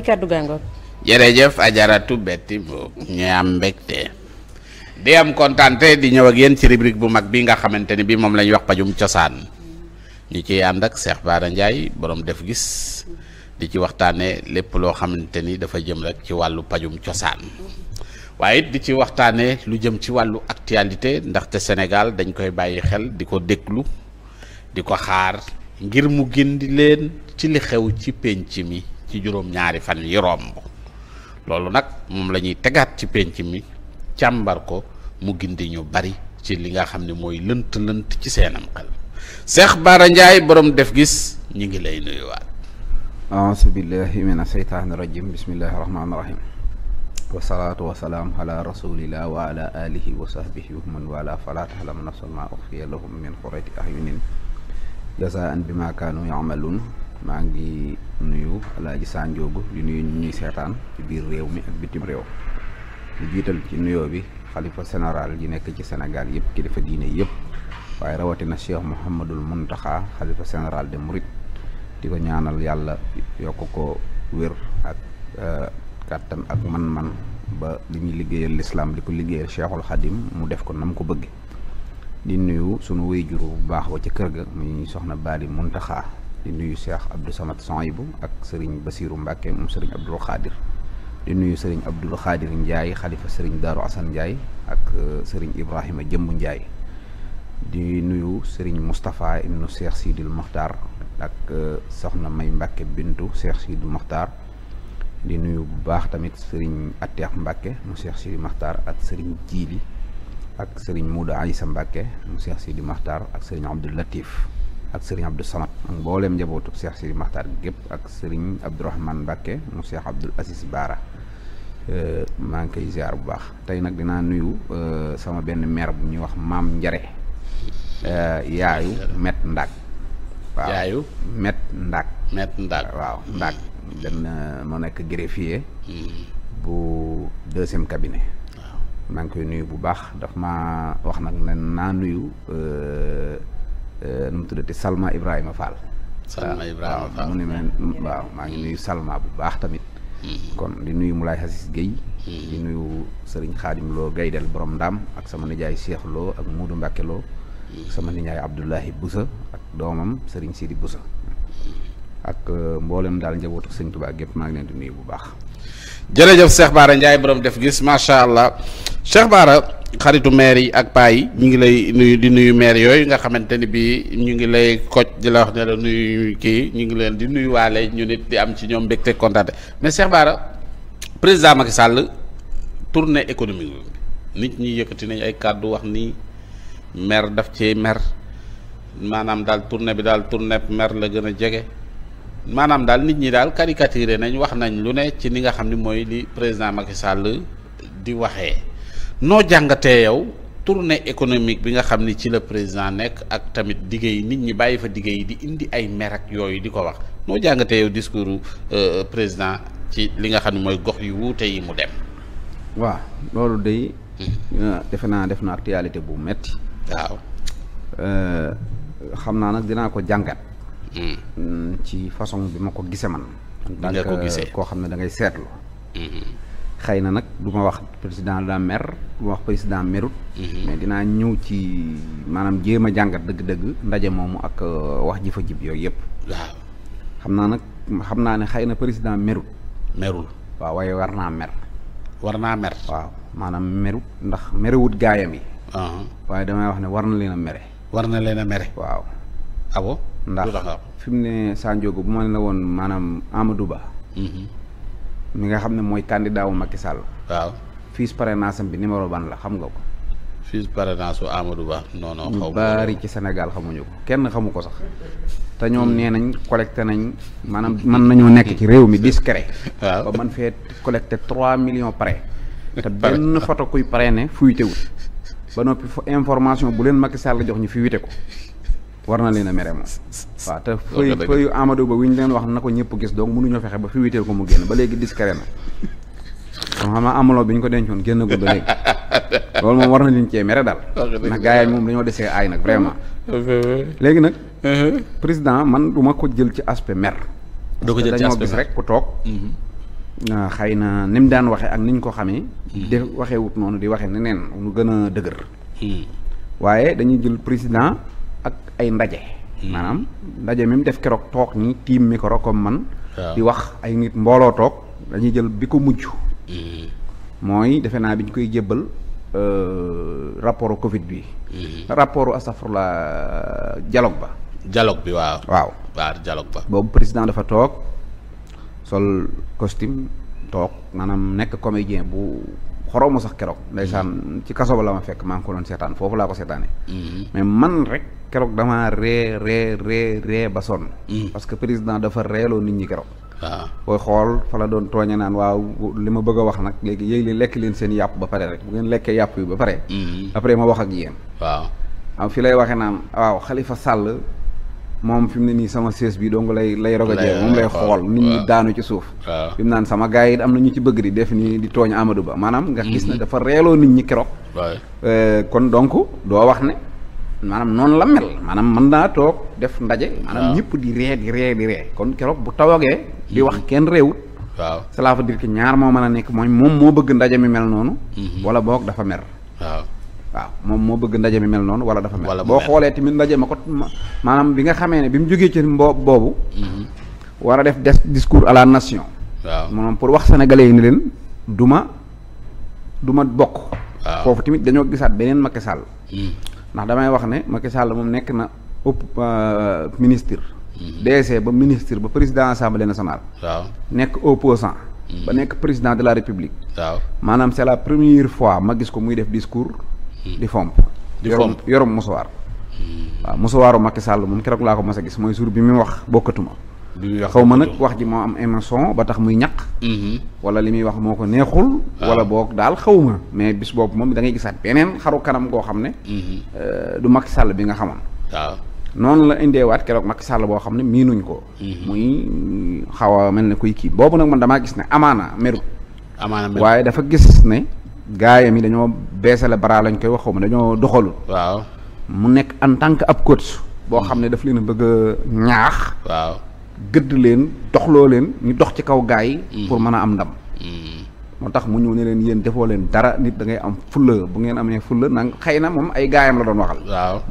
li kàddu gàngoog jërëjëf ajaratu betti bo ñu am mbégte di am kontante di ñëw ak yéen ci rubrique bu mag bi nga xamante ni bi moom la ñuy wax pajum cosaan ñu ciy ànd ak Cheikh Bara Ndiaye boroom def gis di ci waxtaane lépp loo xamante ni dafa jëm rek ci wàllu pajum cosaan waaye it di ci waxtaane lu jëm ci wàllu actualité ndaxte Sénégal dañ koy bàyyi xel di ko déglu di ko xaar ngir mu gindi leen ci li xew ci pénc mi ci juróom-ñaari fan yi romb loolu nag moom lañuy tegaat ci penc mi càmbar ko mu gindi ñu bari ci li nga xam ne mooy lënt lënt ci seenam xel Cheikh Bara Ndiaye borom def gis ñu ngi lay nuyuwaat aasubillahi min asheytaani rajim bismillahi rahmaani rahim wasalaatu wasalaam ala rasulillah wa ala alihi wa sahbihi wa man wala fala taxlamu nafsun ma uxfiya lahum min xurati ayunin jasaan bima kaanu yamaluun maa ngi nuyu Alaaji Sanjoogu di nuyu ñuy seetaan ci biir réew mi ak bitim réew di jiital ci nuyo bi xalifa général yi nekk ci Sénégal yëpp kilifa diine yëpp waaye rawatina Cheikh Mouhamadul Muntaxa xalifa général de Murit di ko ñaanal yàlla yokk ko wér ak euh, kàttan ak man-man ba li ñuy liggéeyal lislaam di ko liggéeyal Cheikhul Xadim mu def ko nam ko bëgge di nuyu sunu wéyjuru bu baax wa ca kër ga muy soxna Bali Muntaxa di nuyu Cheikh Abdou Samad Sonibou ak sëriñ Basiiru Mbàkke moom sëriñ Abdul Xaadir di nuyu sëriñ Abdul Xaadir Njaay xalifa sëriñ Daaru Asan Njaay ak euh, sëriñ Ibrahima Jëmb Njaay di nuyu sëriñ Moustapha ibnu Cheikh Sidil Mokhtar ak euh, soxna May Mbàkke bintu Cheikh Sidil Mokhtar di nuyu bu baax tamit sëriñ Ateex Mbàkke mu Cheikh Sidil Mokhtar ak sëriñ Jiili ak sëriñ Muuda Aysa Mbàkke mu Cheikh Sidil Mokhtar ak sëriñ Abdul Latif ak sëriñ Abdou Samad mbooleem njabootu Cheikh Sidi Maxtaar gépp ak sëriñ Abdourahman Mbacke mu Cheikh Abdoul Aziz Baara euh, maa ngi koy ziar bu baax tey nag dinaa nuyu euh, sama benn maire bu ñu wax maam Njare euh, yaayu met ndaak waaw yaayu met ndaak met ndaak waaw ndaak benn moo nekk greffier hmm. bu deuxième cabinet maa ngi koy nuyu bu baax daf ma wax nag ne naa nuyu Eh, nu mu tuddati Salma Ibrahima Fall. Salma Ibrahima Fall mu ni men waaw maa ngi nuyu Salma bu baax tamit. Mm-hmm. kon di nuyu Moulay Hassis Guèye. Mm-hmm. di nuyu sëriñ Khadim Lo Gaydel borom ndaam ak sama nijaay Cheikh ak Moodu Mbacke Lo. Mm-hmm. sama nijaay Abdoulahi Boussa ak doomam sëriñ Sidi Boussa. ak eh, mboolem daal njabootu sëñ Tuubaa gépp maa ngi leen di nuyu bu baax. jërëjëf Cheikh Baara Ndiaye borom def gis macha allah Cheikh Baara. xaritu maire yi ak paa yi ñu ngi lay nuyu di nuyu maire yooyu nga xamante ni bii ñu ngi lay koj di la wax ne nuyu kii ñu ngi leen di nuyu waale ñu nit di am ci ñoom mbégte kontaante mais Cheikh Bara président sàll Sall tournée économique nit ñi yëkkati nañ ay kàddu wax nii maire daf cee maire maanaam daal tournée bi daal tournée maire la gën a jege maanaam daal nit ñi daal caricaturé nañ wax nañ lu ne ci li nga xam ni mooy li président Macky Sall di waxee. noo jàngatee yow tournée économique bi nga xam ni ci la président nekk ak tamit liggéey nit ñi bàyyi fa liggéey di indi ay mer yooyu di ko wax noo jàngatee yow discours euh, président ci li nga xam ne mooy gox yu wuute yi mu dem. waaw loolu day. Hmm. Euh, defe naa def na actualité bu metti waaw. Euh, xam naa nag dinaa ko jàngat. Hmm. Hmm, ci façon bi ma ko gisee man. nga koo xam ne dangay ngay seetlu. xëy na nag du ma wax président la mer du wax président merut mhm. dinaa ñëw ci maanaam jéem a jàngat dëgg-dëgg ndaje moomu ak euh, wax ji yooyu yëpp. naa nag xam naa ne xëy na président merut merul waaw waaye war naa mer. war naa mer. waaw maanaam merut ndax merewut gaayam yi. Uh-huh. waaye damay wax ne war na leen a mere. war na leen a mere. waaw. abo ah ndax fi mu ne Sanjogo bu ma ne la woon maanaam Amadou Ba. Mhm. mi nga xam ne mooy candidat wu Macky Sall. waaw fiche parrainage am bi numéro ban la xam nga ko. fiche parrainage su Amadou Ba non non. xaw baari ci Sénégal xamuñu ko kenn xamu ko sax. te ñoom nee nañ collecté nañ maanaam mën nañoo nekk ci réew mi discret. waaw ba man fee collecté trois millions pare. te benn photo kuy parrainé fuyutewul ba noppi information bu leen Macky Sall jox ñu fuyute ko. war na leen a mere moom. waaw te feuille feuille Amadou Ba wi ñu leen wax na ko ñëpp gis donc mënuñoo fexe ba fi witteel ko mu génn ba léegi discret na. kon xam amaloo bi ñu ko dencoon génn gudd léegi loolu moom war na leen cee mere dal na gars yi moom dañoo desee aay nag vraiment. léegi nag. Uh-huh. président man du ma ko jël ci aspect mer. doo ko jël ci aspect mer dañoo gis rek ku toog. Mm-hmm. xëy na ni mu daan waxee ak ni ñu ko xamee. Mm-hmm. di waxee wut noonu di waxee neneen nu gën a dëgër. Mm-hmm. waaye dañuy jël président. ak ay ndaje. Hmm. maanaam ndaje mi mu def keroog toog ni tiim micro comme man. di wax ay nit mbooloo toog dañuy jël bi ko mujj. Hmm. mooy defe naa bi ñu koy jébbal euh, rapport Covid bi. Hmm. rapport astafurla euh, dialogue ba. dialogue bi waaw. waaw waaw dialogue ba. boobu président dafa toog sol costume toog maanaam nekk comédien bu. xoromu sax keroog. ndeysaan ci kaso ba la ma fekk maa ngi ko doon seetaan foofu laa ko seetaanee. mais man rek keroog damaa ree ree ree ba sonn. Hmm. parce que président dafa reeloo nit ñi keroog. waaw ah. booy xool fa la doon tooñe naan waaw li ma bëgg a wax nag léegi yéeg li lekk leen seen yàpp ba pare rek bu ngeen lekkee yàpp yi ba pare. Hmm. après ma wax ak yéen. waaw fi lay waxee naan waaw xalifa sàll moom fi mu ne nii sama sees bi dong lay lay rogajee moom lay xool nit ñi daanu ci suuf. waaw fi mu naan sama gars yi am na ñu ci bëgg di def nii di tooñ amadu Ba maanaam. nga gis ne hmm. dafa reeloo nit ñi keroog. Euh, kon donc doo maanaam noonu la mel maanaam mën naa toog def ndaje. maanaam ñëpp di ree di ree di ree kon keroog bu tawagee di mhm. wax kenn réewut. waaw cela veut que ñaar moo mën a nekk mooy moom moo bëgg ndaje mi mel noonu. Mhm. wala boog dafa mer. waaw moom moo bëgg ndaje mi mel noonu wala dafa mer. boo xoolee tamit ndaje ma ko maanaam bi nga xamee ne bi mu jógee ci mbo boobu. Mhm. war a def des discours à la nation. waaw pour wax sénégalais yi ni leen duma duma bokk. foofu tamit dañoo gisaat beneen Macky Sall. ndax damay wax ne Macky Sall moom nekk na ëpp euh, ministre. Mhm. DG e ba ministre ba président assemblée nationale. waaw nekk opposant mhm. ba nekk président de la république. waaw maanaam c'est la première fois ma gis ko muy def discours. Mhm. di fomp. di fomp yorum yorum musuwaar. waaw musuwaaru Macky Sall moom keroog laa ko mos a gis mooy jour bi muy wax bokkatuma. xaw ma nag wax ji moo am émission ba tax muy ñaq mm-hmm. wala li muy wax moo ko neexul wala boog daal xaw ma mais bis boobu moom da ngay gisaat beneen xaru kanam goo xam ne mm-hmm. euh, du mag Sall bi nga xamoon noonu la indeewaat keroog Macky Sall boo xam ne miinuñ ko mm-hmm. muy xaw a mel ne kuy kii boobu nag man damaa gis ne amaana merut amaana waaye dafa gis ne gaayam yi dañoo beesale bara lañ koy wax xaw ma dañoo doxalu waaw mu nekk en tant que ab coach boo xam ne daf leen bëgg ñaax gëdd leen doxloo leen ñu dox ci kaw gaa yi. Mhm. pour mën a am ndam. Mhm. moo tax mu ñëw ne leen yéen defoo leen dara nit da ngay am fulla bu ngeen amee fulla nang xëy na moom ay gaayam la doon waxal.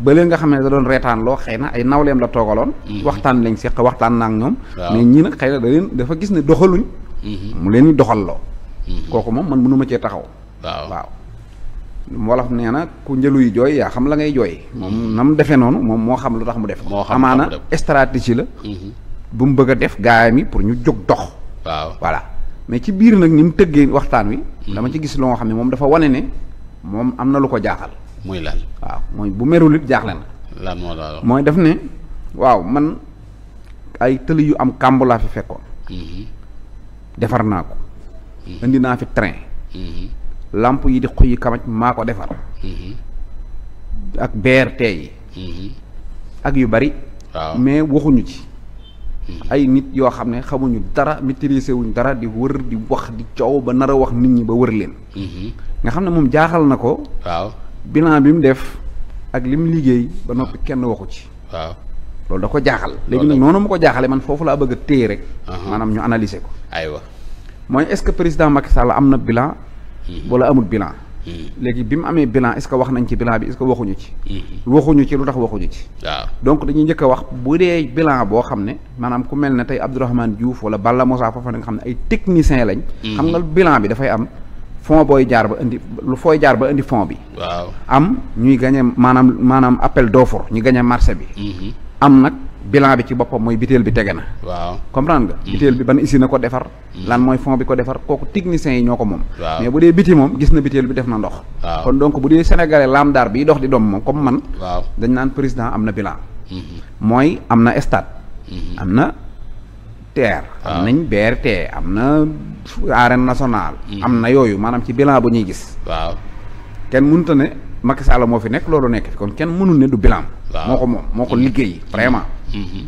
bale nga xam ne da doon reetaan loo xëy na ay nawleem la toogaloon. Mhm. waxtaan lañ seq waxtaan naa ak ñoom. mais ñii nag xëy na da leen dafa gis ne doxaluñ. mu leen ñu doxal loo. kooku moom man mënu ma cee taxaw. waaw waaw. wolof nee na ku njëluy jooy yaa xam la ngay jooy. moom na mu defee noonu moom moo xam lu tax mu def. moo xam amaana stratégie la. bu mu bëgg a def gaayam yi pour ñu jóg dox. waaw voilà mais ci biir nag ni mu tëggee waxtaan wi. Hmm. dama ci gis loo xam ne moom dafa wane ne moom am na lu ko jaaxal. muy lan mooy bu merul it jaaxle na. mooy def ne waaw man ay tëli yu am kàmb laa fi fekkoon. Hmm. defar naa ko. Hmm. indi naa fi train. làmp yi di xuy kamaj maa ko defar. ak BRT yi. ak yu bari. mais waxuñu ci. ay nit yoo xam ne xamuñu dara maîtriser wuñ dara di wër di wax di coow ba nar a wax nit ñi ba wër leen. Mhm. nga xam ne moom jaaxal na ko. waaw bilan bi mu def ak li lim liggéey ba noppi kenn waxu ci. waaw loolu da ko jaaxal. léegi nag noonu mu ko jaaxalee man foofu laa bëgg téye rek. maanaam ñu analyser ko. aywa mooy est-ce que président Macky Sall am na bilan. Mhm. wala amul bilan. Hmm. léegi bi mu amee bilan est ce que wax nañ ci bilan bi est ce que waxuñu ci. Hmm. waxuñu ci lu tax waxuñu ci. donc dañuy njëkk a wax bu dee bilan boo xam ne maanaam ku mel ne tey Abdourahmane Diouf wala Balla Moussa Fofana nga xam ne ay technicien lañ. Hmm. xam nga bilan bi dafay am. fond booy jaar ba indi lu fooy jaar ba indi fond bi. am ñuy gagné maanaam maanaam appel d'offre ñu gagné marché bi. am nag. bilan bi ci boppam mooy bitéel bi tege na. waaw comprendre nga. Mm. bitéel bi ban usine na ko defar. Mm. lan mooy fond bi ko defar kooku techniciens yi ñoo ko moom. mais bu dee biti moom gis na bitéel bi def na ndox. kon donc bu dee sénégalais laam daar bi dox di doom moom comme man. waaw dañ naan président am na bilan. Mm-hmm. am na stade. Mm-hmm. am na TER. am nañ am na arène nationale. Mm-hmm. am na yooyu maanaam ci bilan bu ñuy gis. kenn mënut a ne Macky Sall moo fi nekk loolu nekk fi kon kenn mënul ne du bilan. moo ko moo ko liggéey vraiment. Mm-hmm.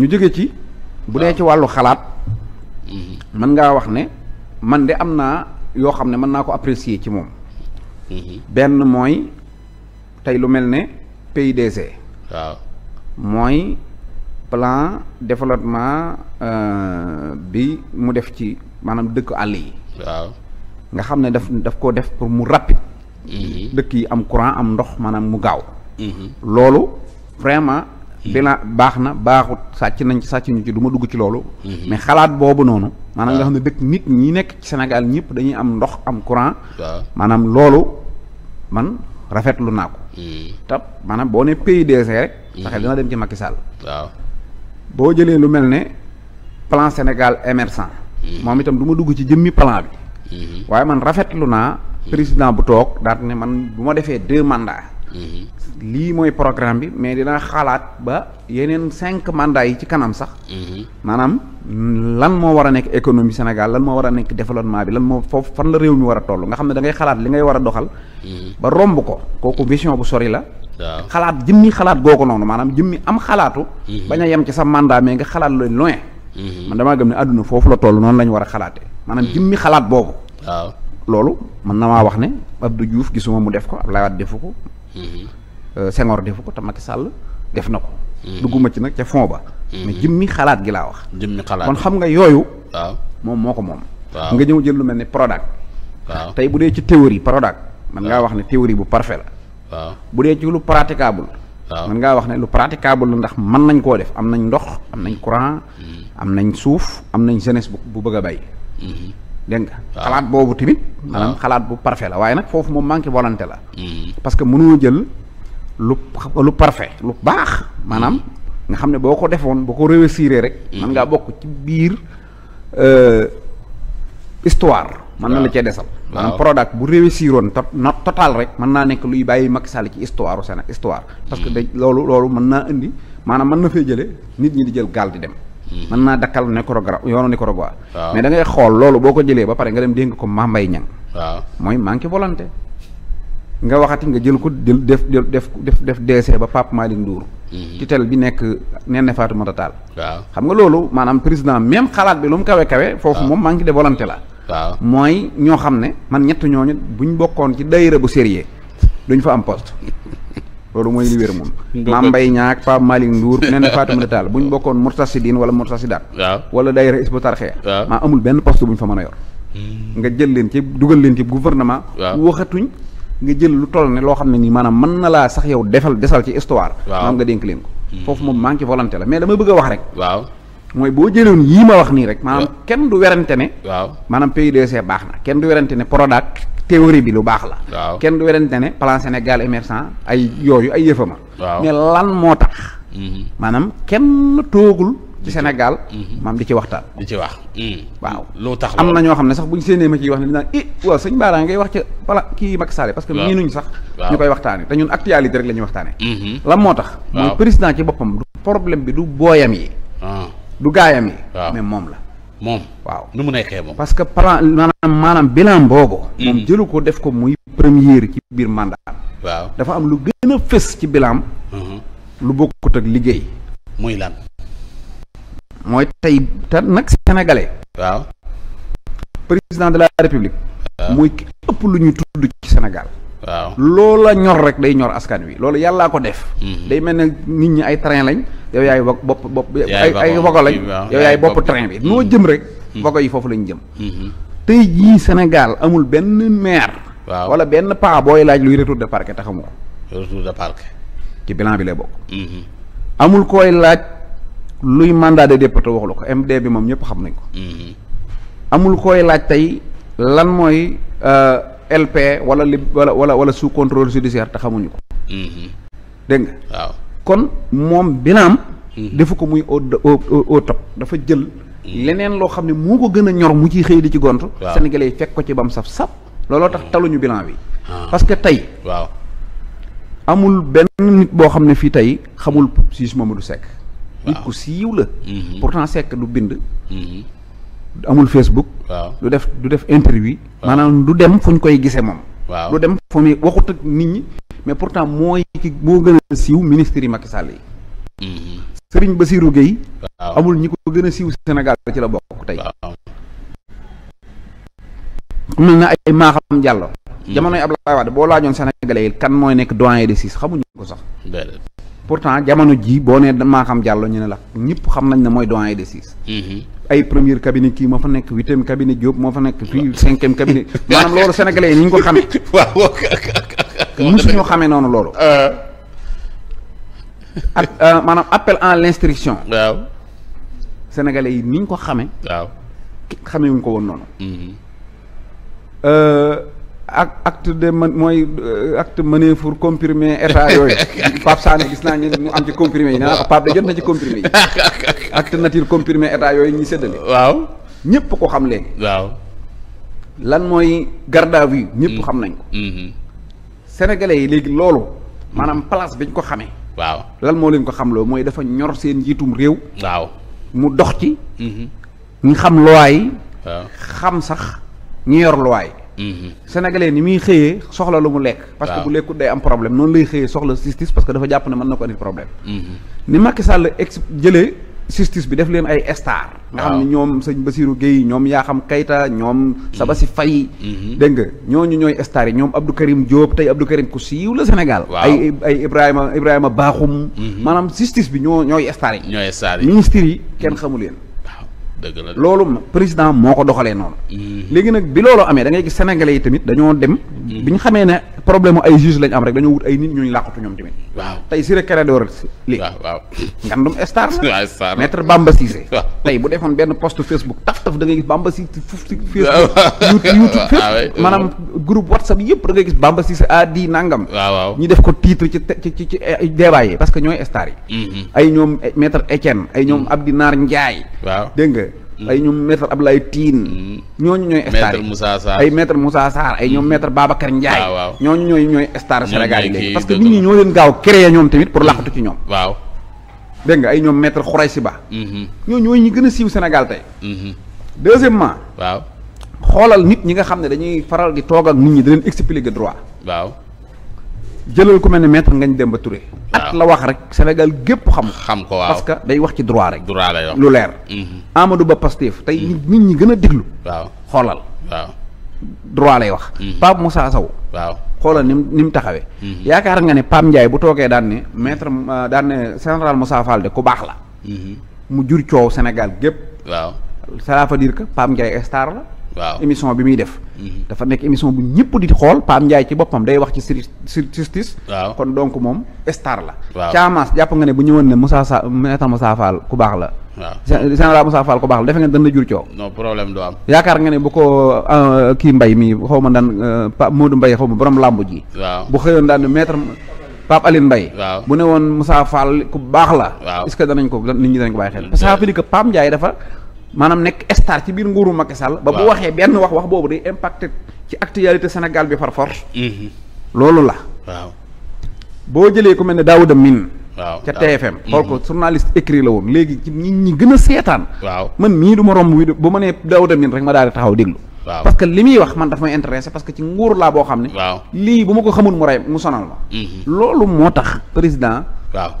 ñu jóge ci bu dee ci wàllu xalaat man mm-hmm. ngaa wax ne man de am naa yoo xam ne mën naa ko apprécier ci moom mm-hmm. benn mooy tey lu mel ne PUDC waaw mooy plan développement euh, bi mu def ci maanaam dëkk àll yi nga xam ne daf daf ko def pour mu rapide dëkk yi am courant am ndox maanaam mu gaaw loolu vraiment dina baax na baaxut sàcc nañ ci sàcc ñu ci du ma dugg ci loolu mhm. mais xalaat boobu noonu maanaam nga xam ne dëkk nit ñi nekk ci Sénégal ñëpp dañuy am ndox am courant maanaam loolu man rafetlu naa ko mhm. tap maanaam boo ne PUDC rek saxe mhm. dina dem ci Sall boo jëlee lu mel ne plan Sénégal émergent moom itam du ma dugg ci jëmmi plan bi waaye man rafetlu naa président bu toog daal ne man bu ma defee deux mandats lii mooy programme bi mais dina xalaat ba yeneen cinq mandats yi ci kanam sax. Mhm. maanaam lan moo war a nekk économie Sénégal lan moo war a nekk développement bi lan moo foofu fan la réew mi war a toll nga xam ne da ngay xalaat li ngay war a doxal. Mhm. ba romb ko kooku vision bu sori la. xalaat jëmmi xalaat googu noonu maanaam jëmmi am xalaatu. Mhm. bañ a yem ci sa mandat mais nga xalaat loolu loin. man damaa gëm ne àdduna foofu la toll noonu la ñu war a xalaate maanaam jëmmi xalaat boobu. loolu mën na maa wax ne Abdou Diouf gisuma mu def ko defu ko. Euh, Senghor defu ko te Macky Sall def na ko. Mm-hmm. dugguma ci nag ca fond ba. Mm-hmm. mais jëmmi xalaat gi laa wax. jëmmi xalaat kon xam nga yooyu. moom moo ko moom. waaw nga ñëw jël lu mel ne Prodac. tey bu dee ci théorie Prodac. man ngaa wax ne théorie bu parfe la. bu dee ci lu praticable. waaw man ngaa wax ne lu praticable la ndax mën nañ koo def am nañ ndox am nañ courant. Mm-hmm. am nañ suuf am nañ jeunesse bu bu bëgg a bay. dégg nga xalaat boobu tamit. maanaam xalaat bu parfe la waaye nag foofu moom manqué volonté la. lu lu parfait lu baax maanaam nga xam ne boo ko defoon boo ko réussiré rek man ngaa bokk ci biir euh, histoire mën na la cee desal maanaam Prodac bu réussiroon tot na total rek mën naa nekk luy bàyyi Macky Sall ci histoire u Sénégal histoire parce que mm. dañ loolu loolu mën naa indi maanaam mën na fee jële nit ñi di jël gaal di dem mm. mën naa dakkal Nicaragua yoonu Nicaragua mais dangay ngay xool loolu boo ko jëlee ba pare nga dem dénk ko Mame Mbaye Niang mooy manqué volonté nga waxati nga jël ko jël def def def def DC ba Pape Malick Ndour. ci mhm. tel bi nekk Néné Fatoumata Tall. waaw xam nga loolu maanaam président même xalaat bi lu mu kawe kawe. foofu moom manque de volonté la. mooy ñoo xam ne man ñett ñooñu buñ bokkoon ci daayira bu sérieux duñ fa am post loolu mooy li wér moom Mame Mbaye Niang ak Pape Malick taal Néné Fatoumata Tall bu ñu bokkoon Mourtassidine wala Mourtassidaat waaw wala daayira Hizbut Tarqiyyah maa amul benn poste buñ fa mën a yor hmm. nga jël leen ci dugal leen ci gouvernement waxatuñ nga jël lu toll ne loo xam ne nii maanaam mën na laa sax yow defal desal ci histoire maam nga dénk leen ko foofu moom manqué volonté la mais dama bëgg a wax rek mooy boo jëloon yii ma wax nii rek maanaam kenn du werante ne waaw maanaam PUDC baax na kenn du werante ne Prodac théorie bi lu baax la kenn du werante ne plan Sénégal émergent ay yooyu ay yëfama mais lan moo tax mhm. maanaam kenn toogul ci Sénégal. Mhm. maam di ci waxtaan. di ci wax. Mhm. waaw lu tax am na ñoo xam ne sax bu ñu séenee ma ciy wax ne dinaan i eh, waaw sëñ Bara ngay wax ca pala kii Macky Sall parce que miinuñ sax. ñu koy waxtaanee te ñun actualité rek la ñuy waxtaanee. Mhm. moo tax. mooy président ci boppam du problème bi du booyam yi. Ah. du gaayam yi. mais moom la. moom waaw nu mu nekkee moom. parce que plan maanaam maanaam bilan boobu. moom jëlu ko def ko muy première ci biir mandat waaw dafa am lu gën a ci bilan. lu bokkut ak liggéey. muy lan. mooy tey ta nag sénégalais. waaw président de la république. mooy ki ëpp lu ñu tudd ci Sénégal. waaw loola ñor rek day ñor askan wi loolu yàllaa ko def. Mhm. day mel ne nit ñi ay train lañ yow yaay wa bopp bopp. ay ay wago lañ yow yaay bopp train bi noo jëm rek. Mhm. wago yi foofu lañ jëm. Mhm. tey jii Sénégal amul benn maire. waaw wala benn paa laaj luy retour de parquet te xamu ko. retour de parquet. ci bilan bi lay bokk. amul koy laaj. luy mandat de dépôt waxu la ko MD bi moom ñëpp xam nañ ko. Mm-hmm. amul koy laaj tey lan mooy euh, LP wala li wala wala wala sous contrôle judiciaire te xamuñu ko. Mm-hmm. dégg nga. kon moom binaam mm-hmm. defu ko muy au dafa jël. leneen loo xam ne moo ko gën a ñor mu ciy xëy li ci gont. waaw sénégalais yi fekk ko ci bam saf sap. looloo tax taluñu bilan bi. Ah. parce que tey. waaw amul benn nit boo xam ne fii tey xamul Ciss du sekk nit ku siiw la. Mhm. pourtant sekk du bind. Mhm. amul Facebook. waaw du def du def interview. maanaam du dem fu ñu koy gisee moom. waaw du dem fu muy waxut ak nit ñi. mais pourtant mooy ki moo gën a siiw ministre yi Macky Sall yi. Mhm. Serigne Bassirou Gueye. waaw amul ñi ko gën a siiw Sénégal ci la bokk tey. ku na ay Maham Diallo. jamonoy Abdoulaye Wade boo laajoon Sénégalais yi kan mooy nekk doyen de six xamuñu ko sax. pourtant jamono ji boo nee maa xam Diallo ñu ne la ñëpp xam nañ ne mooy doyen des six. Mhm. ay premier cabinet kii moo fa nekk huitième cabinet Diop moo fa nekk fii cinquième cabinet maanaam loolu sénégalais yi ni ñu ko xamee. waaw musuñu xamee noonu loolu. Euh. ak euh, maanaam appel en l'instruction. waaw sénégalais yi ni ko xamee. waaw xamee ko woon noonu. Mhm. Euh, ak acte de man mooy euh, akt mené pour comprimer état yooyu Pape Sané gis naa ñu mu am ci comprimé yi nee naa ko Pape da jot na ci comprimé yi acte nature comprimé état yooyu ñi séddale waaw ñëpp ko xam léegi waaw lan mooy garde à vue ñëpp mm-hmm. xam nañ ko mm-hmm. sénégalais yi léegi loolu maanaam place bi ñu ko xamee waaw lan moo leen ko xamloo mooy dafa ñor seen njiitum réew waaw mu dox ci mm-hmm. ñu xam loi xam sax ñu yor loi sénégalais ni muy xëyee soxla lu mu lekk parce que bu lekkut day am problème noonu lay xëyee soxla justice parce que dafa jàpp ne mën na ko andi problème mm-hmm. ni Macky Sall ex jëlee justice bi def leen ay star nga xam ne ñoom sëñ Basirou Guèye ñoom yaa xam Kayta ñoom mm-hmm. Sabassi Faye mm-hmm. dégg nga ñooñu ñooy star yi ñoom Abdou Karim Diop tey Abdou Karim ku siiw la Sénégal ay ay Ibrahima Ibrahima baaxum maanaam justice bi ñoo ñooy star yi ministres yi kenn xamu leen loolu président moo ko doxalee noonu mhm. léegi nag bi looloo amee da ngay gis sénégalais yi tamit dañoo dem mhm. bi ñu xamee ne problème ay juge lañ am rek dañoo wut ay nit ñooñu làqatu ñoom tamit. waaw tey Siré Clédor Ly. waaw waaw ngandum star la. star maître Bamba Cissé. tey bu defoon benn post Facebook taf taf da ngay gis Bamba Cissé fuf si Facebook. YouTube fépp ah, maanaam group WhatsApp yëpp da ngay gis Bamba Cissé a di nangam. waaw ñu def ko tiitre ci ci ci ci débat yi parce que ñooy star yi. Mm-hmm. ay ñoom eh, maître Etienne ay ñoom mm-hmm. Abdi Naar Ndiaye. waaw dégg nga. Mm. ay ñoom maître ay Tine. Mm. ñooñu ñooy. star maître Moussa ay maître Moussa Sarr ay ñoom mm-hmm. maître Babacar Ndiaye. waaw waaw ñooñu ñooy ñooy star Sénégal yi léegi parce que nit ñi ñoo leen gaaw créer ñoom tamit pour mm. laqatu ci ñoom. waaw. dégg nga ay ñoom maître si Ba. Mm-hmm. ñooñu ñooy ñi gën a siiw Sénégal tey. Mm-hmm. deuxièmement. waaw xoolal nit ñi nga xam ne dañuy faral di toog ak nit ñi di leen expliquer droit. waaw jëlal ku mel ne maître Ngagne Demba Touré. at la wax rek Sénégal gépp xam. xam ko waaw parce que day wax ci droit rek. droit lu leer. Mhm. Amadou Ba Pastef tey mhm. nit ñi gën a déglu. waaw xoolal. droit lay wax. Mhm. Pape Moussa saw xoolal ni mu ni mu taxawee. yaakaar nga ne Pape Ndiaye bu toogee daan ne maître euh, daan ne général Moussa Fall de ku baax la. mu jur coow Sénégal gépp waaw cela veut dire que Pape star la. waaw émission bi muy def. Mhm. dafa nekk émission bu ñëpp di xool Pam Ndiaye ci boppam day wax ci sur justice. waaw kon donc moom star la. waaw Thiamas jàpp nga ne bu ñëwoon ne Moussa Sa maître Moussa Fall ku baax la. sa général Moussa Fall ku baax la defe nga ne dana jur coow. non problème du am. yaakaar nga ne bu ko euh, kii mbay mi xaw ma daan euh, Pa Modou Mbaye xaw ma borom làmb ji. bu xëyoon daan ne maître Pape Aline Mbaye. waaw bu woon Moussa faal ku baax la. waaw est ce que danañ ko nit ñi danañ ko bàyyi xel. parce que ça veut dire que dafa. maanaam nekk star ci biir nguuru Macky Sall ba bu waxee benn wax wax boobu de impacté ci actualité Sénégal bi par force mhm. loolu la waaw boo jëlee ku mel ne Daouda Mine waaw ca TFM xool ko mhm. journaliste écrit la woon léegi ci nit ñi gën a seetaan waaw man mii du ma romb vidéo bu ma nee Daouda Mine rek ma daal di taxaw déglu waaw parce que li muy wax man daf may intéressé parce que ci nguur laa boo xam ne waaw lii bu ma ko xamul mu rey mu sonal ma mhm. loolu moo tax président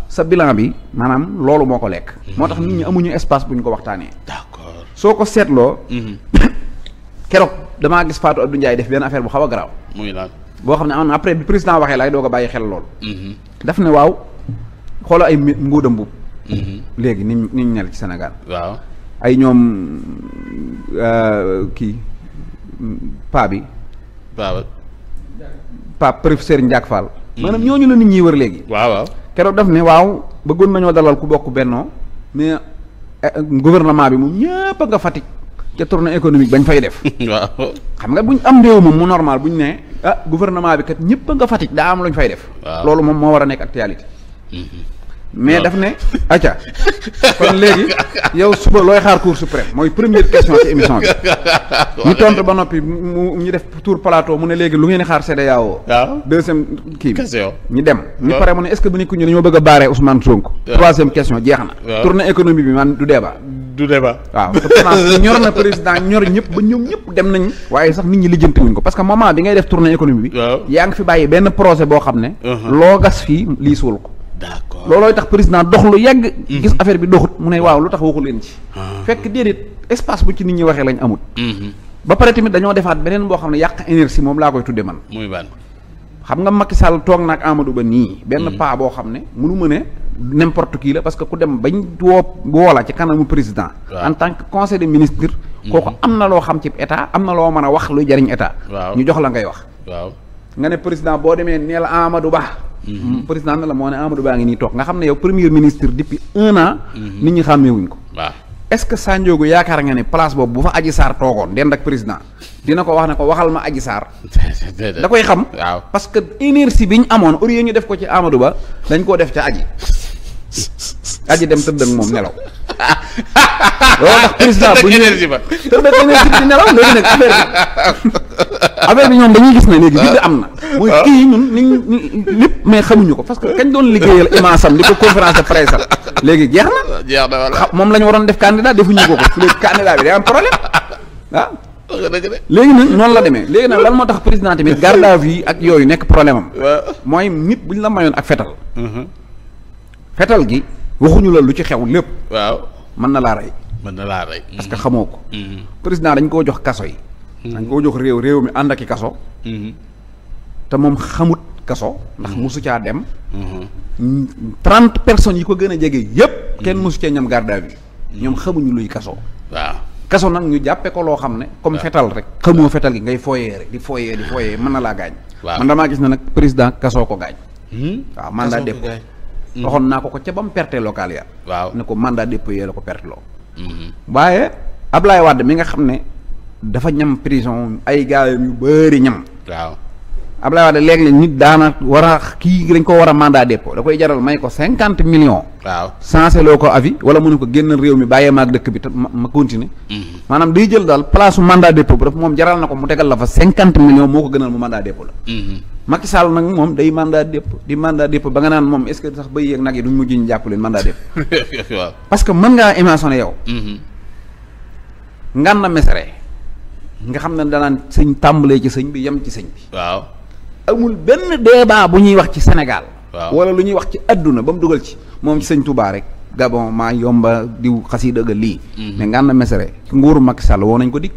sa billan bi maanaam loolu moo ko lekk moo tax nit ñi amuñu espace bu ñu ko waxtaanee soo ko seetloo. Mhm. keroog damaa gis Fatou Abdou Ndiaye def benn affaire bu xaw a garaaw. muy laal boo xam ne am après bi président waxee laay doo ko bàyyi xel lool. Mhm. daf ne waaw xooloo ay nguuda mbub mhm. léegi ni ñu ñel ci Sénégal. waaw ñoom euh, kii paa bi. paa paa professeur Ndiak Fall. maanaam ñooñu la nit ñi wër léegi. waaw waaw keroog daf ne waaw bëggoon nañoo dalal ku bokk bennoo mais. gouvernement bi moom ñëpp a nga Fatick ca tournée économique bañ fay def. waaw xam nga buñ am réew moom mu normal buñ ne ah gouvernement bi kat ñëpp a nga Fatick daa am lu ñu fay def. loolu moom moo war a nekk actualité. Mhm. mais daf ne aca kon léegi yow suba looy xaar cour suprême mooy première question ci émission bi ñu tontu ba noppi mu ñu def tour plateau mu ne léegi lu ngeen di xaar CEDEAO waaw deuxième kii bi ñu dem ñu pare mu ne est-ce que bu bëgg a baaree Ousmane Sonko troisième question jeex na tournée économie bi man du débat du débat waaw ñor na président ñor ñëpp ba ñoom ñëpp dem nañ waaye sax nit ñi lijjanti wuñ ko parce que moment bi ngay def tournée économie yaa ngi fi bàyyi benn projet boo xam ne uh-huh. loo gas fii lii ko d'accord loolooy tax président dox lu yàgg. Mhm. gis affaire bi doxut mu ne waaw lu tax waxu leen ci. Ah. fekk déedéet espace bu ci nit ñi waxee lañ amut. Mhm. ba pare tamit dañoo defaat beneen boo xam ne yàq énergie moom laa koy tudde man. muy ban xam nga Macky Sall toog na ak Amadou Ba nii. benn mhm. paa boo xam ne munu ma ne n'importe kii la parce que ku dem bañ woo woola ci kanamu président. en tant que conseil de des ministres. kooku am na loo xam ci état am na loo mën a wax luy jariñ état. ñu jox la ngay wax. waaw nga ne président boo demee neel Amadou Ba. Mhm. président ne la moo ne Amadou Ba ngi nii toog nga xam ne yow premier ministre depuis un an. Mhm. nit ñi xàmmewuñ ko. waaw est-ce que Sandiogou yaakaar nga ne place boobu bu fa Adji Sarr toogoon dend ak président dina ko wax ne ko waxal ma Adji saar da koy xam. waaw parce que énergie bi ñu amoon au ñu def ko ci Amadou Ba dañ koo def ca Adji. aji dem tëdd ak moom nelaw loolu ndax président bu ñu tëdd ak énergie bi nelaw léegi nag affaire bi affaire bi ñoom dañuy gis ne léegi bi am na mooy ah. kii ñun niñ lépp mais xamuñu ko parce que kañ doon liggéeyal imaasam di ko conférence de presse léegi jeex na. Ah, jeex na wala moom la ñu waroon def candidat defuñu ko ko léegi candidat bi day am problème ah. léegi nag noonu la demee léegi nag lan moo tax président tamit garde à vue ak yooyu nekk problème mooy nit bu ñu la mayoon ak fetal. Mm-hmm. fetal gi waxuñu la lu ci xew lépp. waaw mën na laa rey. mën na laa rey. parce que xamoo ko. Mm-hmm. président dañ koo jox kaso yi. Mm-hmm. dañ koo jox mi ànd ak i te moom xamut kaso ndax mm-hmm. mosu caa dem. Mm-hmm. trente personnes yi ko gën a jege yépp kenn mm-hmm. mosu cee ñam garde à ñoom xamuñu luy kaso. waaw kaso nag ñu jàppee ko loo xam ne. comme fetal rek. xamoo fetal gi ngay fooyee rek di fooyee di fooyee mën na laa gaañ. man damaa gis ne nag président kasoo ko gaañ. Hmm? waaw mandat dépôt hmm. waxoon naa ko ko ca ba mu perte local ya. waaw ne ko mandat dépôt yee la ko perte loo. Hmm. waaye Ablaye Wade mi nga xam ne dafa ñam prison ay gaayam yu bari ñam. waaw Abdoulaye Wade léeg-léeg nit daana war a kii dañ ko war a mandat dépôt da koy jaral may ko cinquante millions. waaw sensé loo ko avis wala mënu ko génn réew mi bàyyee maag dëkk bi te ma continuer mhm. maanaam day jël daal place su mandat dépôt bi moom jaral na ko mu tegal la fa cinquante millions moo ko gënal mu mandat dépôt la. Mhm. Macky Sall nag moom day mandat dépôt di mandat dépôt ba nga naan moom est-ce sax ba yeeg nag yi duñ mujj ñu jàpp leen mandat dépôt. waaw parce que mën ngaa émissionné yow. Mhm. nga xam ne danaan sëñ tàmbalee ci sëñ bi yem ci sëñ waaw. amul benn débat bu ñuy wax ci Sénégal. waaw lu ñuy wax ci àdduna ba mu dugal ci moom ci sëñ Touba rek. Gabon maa yomba diw xasida ak lii. mais mhm. nga na mesere nguuru Macky Sall woo nañ ko dig.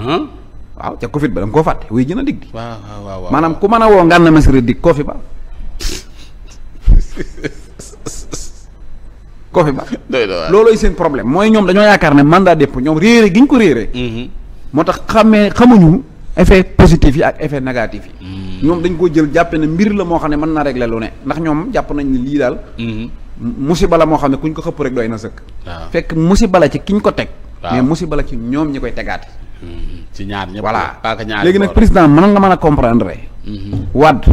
waaw ca Covid ba da nga koo fàtte wuy jën a dig. maanaam ku mën a woo nga na mesere dig ba. koo ba. loolooy seen problème mooy ñoom dañoo yaakaar ne mandat dépp ñoom réere gi ñu ko réere mhm. moo tax xamee xamuñu effet positif yi ak effet négatif yi. Mhm. ñoom dañ koo jël jàppe ne mbir la moo xam ne mën naa régler lu ne ndax ñoom jàpp nañ ne lii daal mhm. musiba la moo xam ne kuñ ko xëpp rek doy na sëkk fekk musiba la ki ñu ko teg mais musiba la ci ñoom ñi koy tegaate mhm. ci ñaar ñëpp voilà léegi nag président mën nga mën a comprendre mhm. Wade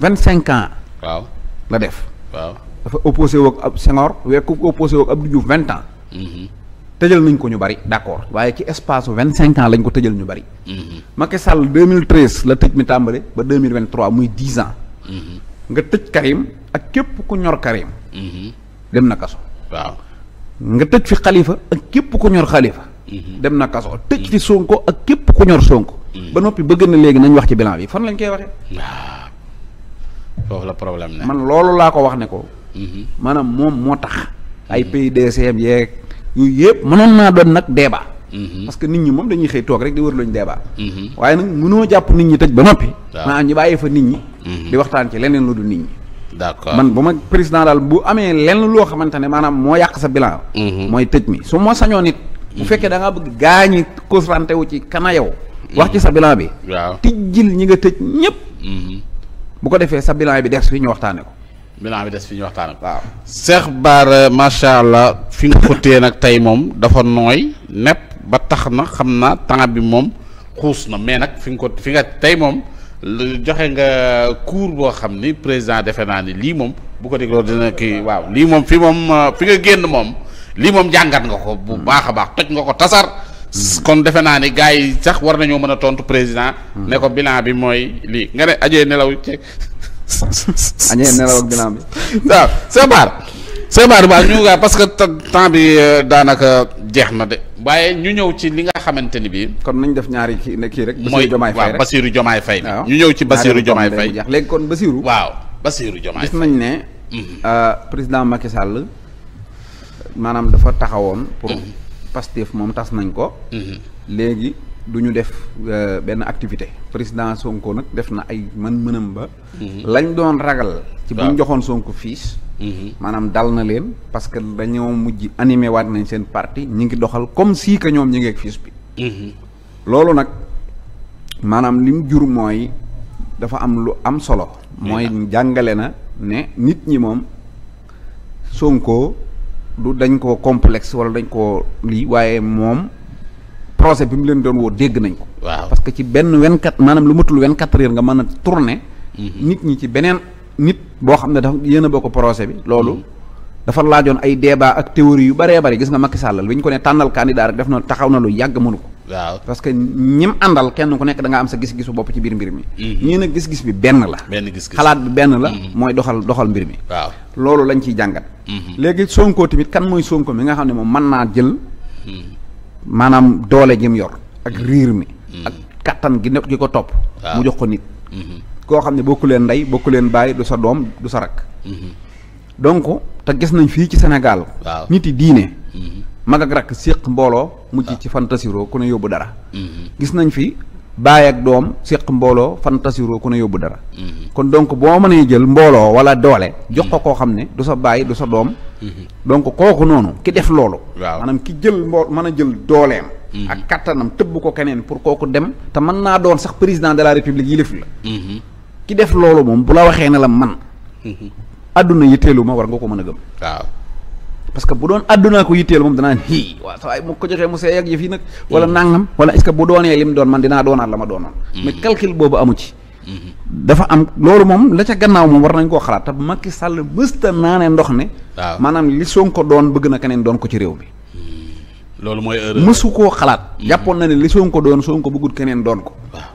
vingt cinq ans waaw la def waaw dafa opposé woog ab Senghor wekku opposé woog Abdou Diouf vingt ans tëjal nañ ko ñu bari d'accord waaye ci espace vingt cinq ans lañ ko tëjal ñu bari. Mhm. Macky Sall 2013 la tëj mi tàmbali ba mil 2023 muy dix ans. Mhm. nga tëj Karim ak képp ku ñor Karim. Mhm. dem na kaso. waaw nga tëj fi xalifa ak képp ku ñor Khalifa. dem na kaso tëj fi sunko ak képp ku ñor Sonko. ba noppi bëgg na léegi nañ wax ci bilan bi fan lañ koy waxee. waaw foofu la problème ne. man loolu laa ko wax ne ko. maanaam moom moo tax. ay PDCM yeeg. yooyu yëpp mënoon naa doon nag débat. Mhm. parce que nit ñi moom dañuy xëy toog rek di wër luñ débat. Mhm. waaye nag mënoo jàpp nit ñi tëj ba noppi. waaw ñu bàyyi fa nit ñi. Mhm. di waxtaan ci leneen lu dul nit ñi. man bu ma président daal bu amee lenn loo xamante ne maanaam moo yàq sa bilan. mooy tëj mi su ma sañoon nit. bu fekkee dangaa ngaa bëgg gaañi concentré wu ci kana yow. wax ci sa bilan bi. waaw tijjil ñi nga tëj ñëpp. bu ko defee sa bilan bi des fi ñu waxtaanee ko. bilan bi des fi ñu waxtaan waaw Cheikh Bara macha allah fi nga ko téye nag tey moom dafa nooy nepp ba tax na xam na temps bi moom xuus na mais nag fi nga ko fi nga tey moom joxe nga cours boo xam ni président defe naa ni lii moom bu ko dégloo dina kii waaw lii moom fi moom fi nga génn moom lii moom jàngat nga ko bu baax a baax toj nga ko tasar hmm. kon defe naa ni gars yi sax war nañoo mën a tontu président hmm. ne ko bilan bi mooy lii nga ne ajee nelaw ceeg añee ah, nelaw ak ginnaaw bi waaw Cheikh Bara Cheikh Bara ñu nga parce que temps bi euh, daanaka jeex na de waaye ñu ñëw ci li nga xamante ni bii kon nañ def ñaari kii ne kii rek mooy Jomaay Fay waaw Basiiru Jomaay Fay ñu ñëw ci Basiiru Jomaay Fay léegi kon Basiiru waaw Basiiru Jomaay gis nañ ne mhm. euh, président Macky maanaam dafa taxawoon pour mhm. Pastef moom tas nañ ko mhm. léegi du ñu def euh, benn activité président Sonko nag def na ay mën-mënam ba. Mhm. lañ doon ragal. ci bu ñu joxoon Sonko fiis mhm. maanaam dal na leen parce que dañoo mujj animé waat nañ seen parti ñu ngi doxal comme si que ñoom ñu ngi ak fiis bi. Mhm. loolu nag maanaam li mu jur mooy dafa am lu am solo. mooy jàngale na ne nit ñi moom Sonko du dañ ko complexe wala dañ ko lii waaye moom. projet bi mu leen doon woo dégg nañ ko. parce que ci benn vingt quatre maanaam lu matul vingt quatre nga mën a tourner. Mhm. nit ñi ci beneen nit boo xam ne dafa yéen a bokk projet bi loolu. Mhm. dafa laajoon ay débat ak théorie yu bëree bëri gis nga Macky Sall bi ñu ko ne tànnal candidat rek def na taxaw na lu yàgg mënu ko. waaw parce que ñim àndal kenn ku nekk da nga am sa gis-gisu bopp ci biir mbir mi. ñii mhm. nag gis-gis bi benn la. benn gis-gis xalaat bi benn la. mooy doxal doxal mbir mi. waaw loolu lañ ciy jàngat. léegi Sonko tamit kan mooy Sonko mi nga xam ne moom mën naa jël. maanaam doole ji mu yor ak mm. riir mi mm. ak kattan gi nekk gi ko topp ah. mu jox ko nit mm-hmm. koo xam ne bokku leen ndey bokku leen bàyyi du sa doom du sa rak mm-hmm. donc te gis nañ fii ci Sénégal nit yi diine mm-hmm. mag ak rakk séq mbooloo mujj ah. ci fantasiro ku ne yóbbu dara gis nañ fi baay ak doom seq mbooloo fantasiroo ku ne yóbbu dara. Mm-hmm. kon donc boo mënee jël mbooloo wala doole. jox ko mm-hmm. koo xam ne du sa bàyyi du sa doom. Mm-hmm. donc kooku noonu ki def loolu. waaw maanaam ki jël mbool mën a jël dooleem. ak kattanam tëbb ko keneen pour kooku dem. te mën naa doon sax président de la république yilif la. ki def loolu moom bu la waxee ne la man. àdduna yitteelu ma war nga ko mën a gëm. waaw. parce que bu doon àddunaa ko yitteel moom danaan hii waaw sa waay mu ko joxee mu see yàgg yëf yi nag wala hmm. nangam wala est ce que bu doonee lim doon man dinaa doonaat la ma doonoon hmm. mais amu ci hmm. dafa am loolu moom la ca gannaaw moom war nañ koo xalaat te Macky Sall mësta naa ne ndox ne maanaam li Sonko doon bëgg na keneen doon ci réew mi loolu mooy mësu koo xalaat jàppoon na ne li Sonko doon Sonko bëggut keneen doon ko waaw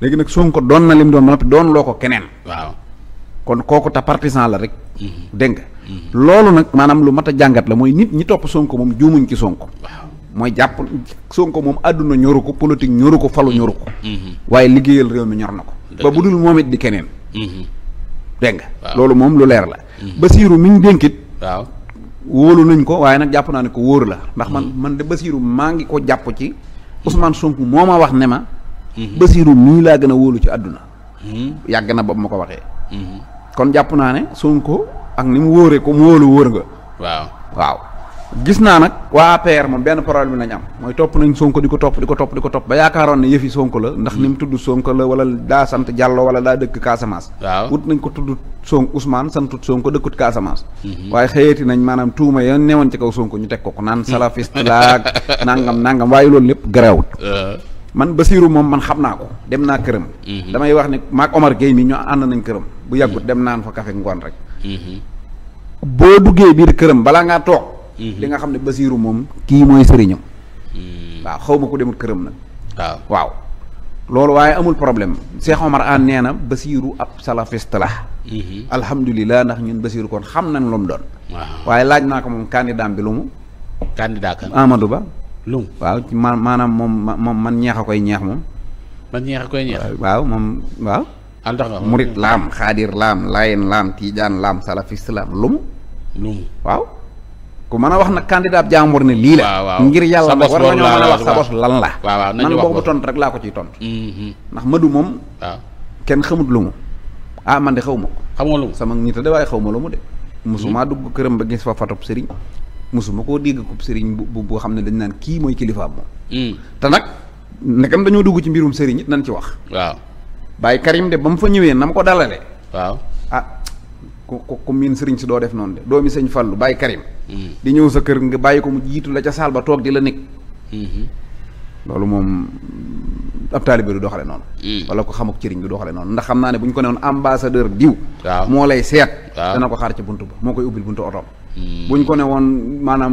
léegi nag doon na lim doon noppi doon loo ko keneen waaw kon kooku ta partisan la rek. Mm-hmm. dégg nga. Mm-hmm. loolu nag maanaam lu mat a jàngat la mooy nit ñi topp Sonko moom juumuñ ci sonk mooy jàpp sonk moom àdduna ñoru ko politique ñoru ko falu ñoru ko. Mm-hmm. waaye liggéeyal réew mi ñor na ko. ba bu dul moom it di keneen. dégg nga loolu moom lu leer la. Basiiru mi ñu dénkit. waaw nañ ko waaye nag jàpp naa ne ko wóor la ndax man man de Basiiru maa ngi ko jàpp ci Ousmane sonk moo ma wax ne ma. Basiiru mii laa gën a wóolu ci àdduna. yàgg na boobu ma ko waxee. kon jàpp naa ne Sonko ak ni mu wóoree ko mu wóolu wóor nga. waaw waaw. gis naa nag waa APR moom benn problème lañ am mooy topp nañ Sonko di ko topp di ko topp di ko topp ba yaakaaroon ne yëfi Sonko la ndax ni mu tudd Sonko la wala daa sant Diallo wala daa dëkk Casamance. waaw wut nañ ko tudd Son Ousmane santut Sonko dëkkut Casamance. Mhm. waaye xëyati nañ maanaam tuuma ya newoon ci kaw Sonko ñu teg ko ko naan salafiste laag nangam nangam waaye loolu lépp garaawut. Euh. man Basiiru moom man xam naa ko dem naa këram. Mhm. damay wax ne maak Omar Gueye mi ñoo ànd nañ këram. bu yàggut mhm. dem naan fa café ngoon rek. Mhm. boo duggee biir këram balaa ngaa toog. di nga xam ne Basiiru moom kii mooy sëriñam. waaw xaw ma ko demut këram nag. waaw loolu waaye amul problème Cheikh Omar Anne nee na Basiiru ab salafiste la. alhamdulilah ndax ñun Basiiru kon xam nañ lu mu doon. waaye laaj naa ko moom candidat bi lu mu. candidat kan Amadou Ba. lung waaw ma maanaam moom moom man ñeex a koy ñeex moom. man ñeex a koy ñeex. waaw moom waaw. altax ah, nga murit laam xaadir laam layen laam tiijaan laam salafiste laam lumu. lumu waaw. ku mën a wax nag candidat jàmbur ne lii la. ngir yàlla nag war nañoo mën a wax sa lan la. waaw man boobu tont rek laa ko ciy tont mm-hmm. ndax madu moom. kenn xamut lumu. ah man de xaw ma ko. xamoo lumu sama nit a de waaye xaw ma lumu de. Mm-hmm. musuma dugg këram ba gis fa fatub sëriñ mosuma koo dégg ko sëriñ bu bu xam ne dañ naan kii mooy kilifaam moom. Hmm. te nag nekam dañoo dugg ci mbirum sëriñ it ci wax. waaw Baye Karim de ba mu fa ñëwee na ma ko dalalee. waaw ah ku ku ku miin sëriñ si doo def noonu de doomi sëñ Fallu Baye Karim. Hmm. di ñëw sa kër nga bàyyi ko mu jiitu la ca saal ba toog di la nekk. Hmm. loolu moom ab taalibe du doxale noonu. wala ko xamuk cëriñ du doxale noonu ndax xam naa ne bu ñu ko newoon ambassadeur diw. moo lay seet. dana xaar ci buntu ba moo koy ubbil buntu otoom. Hmm. bu ñu ko ne woon maanaam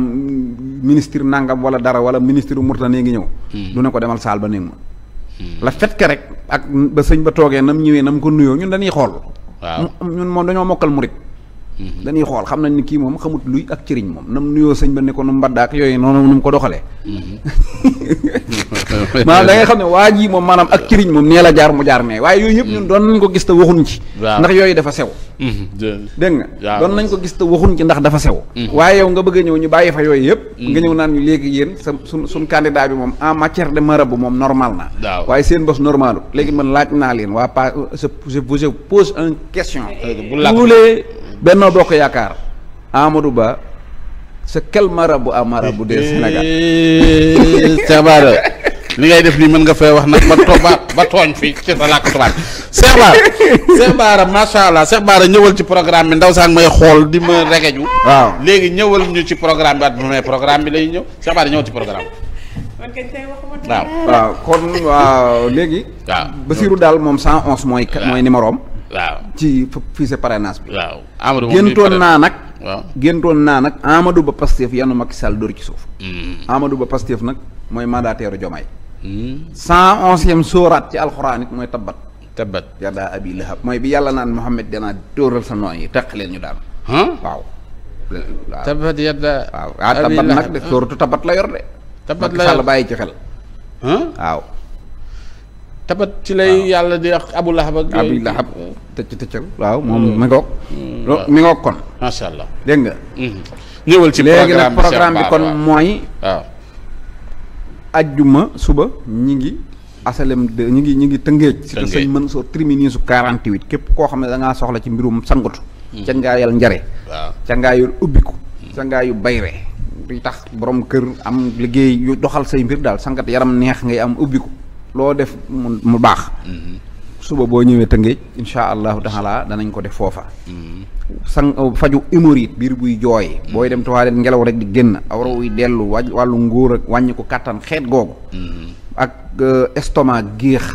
ministre nangam wala dara wala ministre nee ngi ñëw. Hmm. du ne ko demal saal ba néeg ma. Hmm. la fait que rek ak ba sëñ ba toogee nam ñëwee nam ko nuyoo ñun dañuy xool. waaw ñun moom dañoo mokkal murit Mhm. dañuy xool xam nañ ni kii moom xamut luy ak cëriñ moom nam nuyoo sëñ ba ne ko nu mbaddaak yooyu noonu mu ko doxalee mhm. maanaam da xam ne waa ji moom maanaam ak cëriñ moom nee jaar mu jaar nee waaye yooyu yëpp ñun mhm. doon nañ ko gis te waxuñ ci ndax yooyu dafa sew dégg doon nañ ko gis te waxuñ ci ndax dafa sew waaye yow nga bëgg ñëw ñu bàyyi fa yooyu yëpp nga ñëw naan ñu léegi yéen sa suñ suñ candidat bi moom en matière de bu moom normal na waaye seen bos normalu léegi man laaj naa leen waa pas sa pose un question tous euh, les Benno Bokk Yaakaar Amadou Ba c'est bu marabout bu marabout des Sénégal Cheikh Bara li ngay def nii mën nga fay wax nag ba too ba ba tooñ fii ci sa làkk tubaab Cheikh Bara Cheikh allah Cheikh ñëwal ci programme bi ndaw sax may xool di ma regeju waaw léegi ñëwal ñu ci programme bi at bi mais bi lay ñëw Cheikh Bara ñëwal ci programme man kañ tey waxuma waaw waaw kon waaw léegi waaw Basirou daal moom cent onze mooy mooy numéro waaw ci fiise parrainage bi. waaw Amadou moom géntoon naa nag. waaw géntoon naa nag Amadou Ba Pastef yanu Macky Sall dóor ci suuf. Hmm. Amadou Ba Pastef nag mooy mandataire Diomaye. Hmm. cent onzième sóoraat ci alxuraan it mooy tabbat. tabbat yadaa abi lahab mooy bi yàlla naan Mouhamed danaa dóoral sa noon yi teq leen ñu daan. waaw. tabbat yadaa waaw tabbat nag de sóoratu tabbat la yor de. tabbat la yor Macky Sall bàyyi ci xel. waaw. tabat ci lay yàlla di wax abu lahab ak abu lahab mm. tëcc waaw moom mm. mm. mi ngoog kon macha allah dégg nga mm-hmm. ñëwal ci léegi nag programme bi kon mooy waaw ajjuma suba ñi ngi asalem de ñi ngi ñi ngi tëngeej si te sëñ Mansour terminus su képp koo xam ne da ngaa soxla ci mbirum sangatu ca ngaa yal njare ca ngaa ubbiku ca yu bayre di tax boroom kër am liggéey yu doxal say mbir daal sangat yaram neex ngay am ubbiku loo def mu baax mm-hmm. suba boo ñëwee tëngéej insha allahu taala danañ ko def foofa mm-hmm. sang uh, faju hémorroïde biir buy jooy mm-hmm. booy dem toilette ngelaw rek di génn awra wuy dellu wa wàllu ngóor ak wàññi kàttan xeet googu ak uh, estomac géex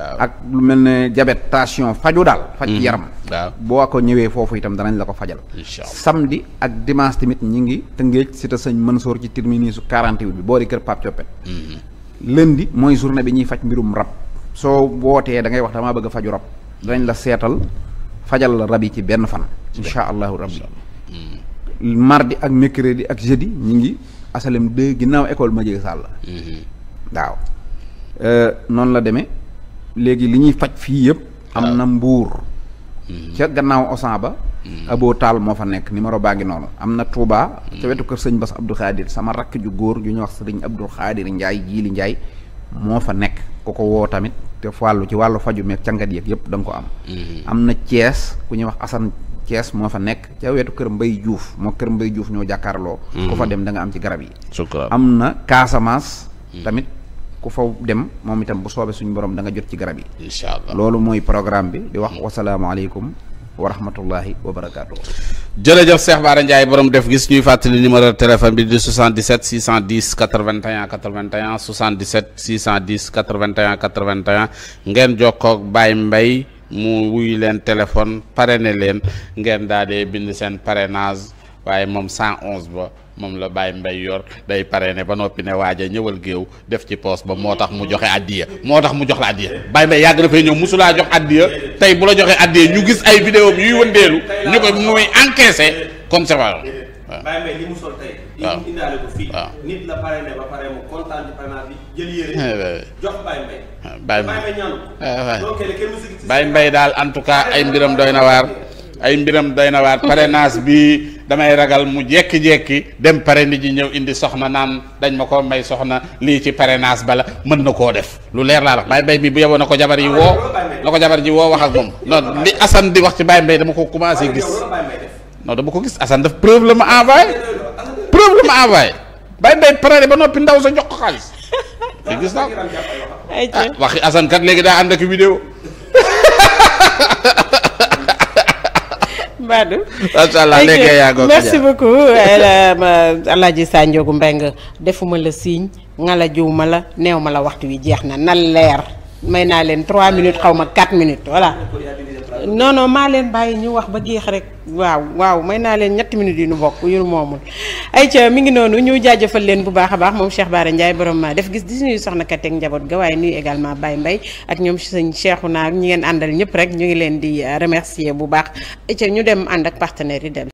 ak lu mel ne jabet tension faju daal faj yaram boo ko ñëwee foofu itam danañ la ko fajal samedi ak dimanche tamit ñi ngi tëngéej si sañ sëñ Mansoor ci terminus 48 bi boo di kër Pape Coppet lundi mooy journée bi ñuy faj mbirum rab soo wootee da ngay wax damaa bëgg faju rab danañ la seetal fajal la rab yi ci benn fan incha allahu rabbi mm. mardi ak mercredi ak jeudi ñu ngi asalem deux ginnaaw école ma jege sàll mm-hmm. waaw euh, noonu la demee léegi li ñuy faj fii yëpp am ah. na mbuur Mhm. ca gannaaw osan ba mhm. aboo taal moo fa nekk numéro baa ngi noonu am na Touba mhm. ca wetu kër sëñ Bass Abdou Khadir sama rakk ju góor ju ñuy wax sëriñ Abdou Khadir Ndiaye jiili Ndiaye moo fa nekk ku ko woo tamit te wàllu ci wàllu faju meeg cangat yeeg yëpp da ko am am na Thiès ku ñuy wax Assane cees moo fa nekk ca wetu kër Mbay Juuf moo kër Mbay Juuf ñoo jàkkaarloo ko fa dem da nga am ci garab yi am na Casamance tamit ku faw dem moom itam bu soobee suñu borom da nga jot ci garab yi. incha allah loolu mooy programme bi di wax wasalaamaaleykum wa rahmatullahi wa barakaatu. jërëjëf Cheikh Bara Ndiaye borom def gis ñuy fàttali numéro téléphone bi di 77 610 81 81 77 610 81 81 ngeen jokkoog baay mbay mu wuyu leen téléphone ne leen ngeen daal di bind seen parrainage waaye moom 111 ba. moom la Baye mbay yor day pare ne ba noppi ne waaja ñëwal géew def ci poos ba moo tax mu joxe addiya moo tax mu jox la addiya Baye Mbaye yàgg na fay ñëw mosulaa jox addiya tey bu la joxee addiya ñu gis ay vidéo yuy wëndeelu ñu ko muy encaissé comme bi jël yére. Eh, eh. jox ah, Baye Mbaye. Baye Mbaye eh, daal en tout cas ay mbiram doy na waar ay mbiram doy na waar bi. damay ragal mu jekki-jekki dem pare ni ji ñëw indi soxna naan dañ ma ko may soxna lii ci parrainage bala mën na koo def lu leer laa la Baye bay mi bu yeboo na ko jabar yi woo na ko jabar ji woo wax ak moom non li Assane di wax ci Baye Mbaye dama ko commencé gis non dama ko gis Assane daf preuve la ma envoyé preuve la ma envoyé Baye Mbaye pare ba noppi ndaw sa jox ko xaalis te gis naa ah, waxi Assane kat léegi daa ànd ak vidéo Mbadou. macha allah léegi yaa ngi merci beaucoup El Hadj euh, Sanjogu Mbengue defuma la signe ngala jiw ma la néew ma la waxtu wi jeex na na leer may naa leen 3 minutes xaw ma 4 minutes voilà. non non maa leen bàyyi ñu wax ba jeex rek waaw waaw may naa leen ñetti minutes yu nu bokk yu nu moomul ay ca mi ngi noonu ñu jaajëfal leen bu baax a baax moom Cheikh baare Ndiaye borom ma def gis di nuyu soxna Katek njaboot ga waaye nuyu également mbay Mbaye ak ñoom sëñ naa ñi ngeen àndal ñëpp rek ñu ngi leen di euh, remercier bu baax ay ca ñu dem ànd ak partenaires yi dem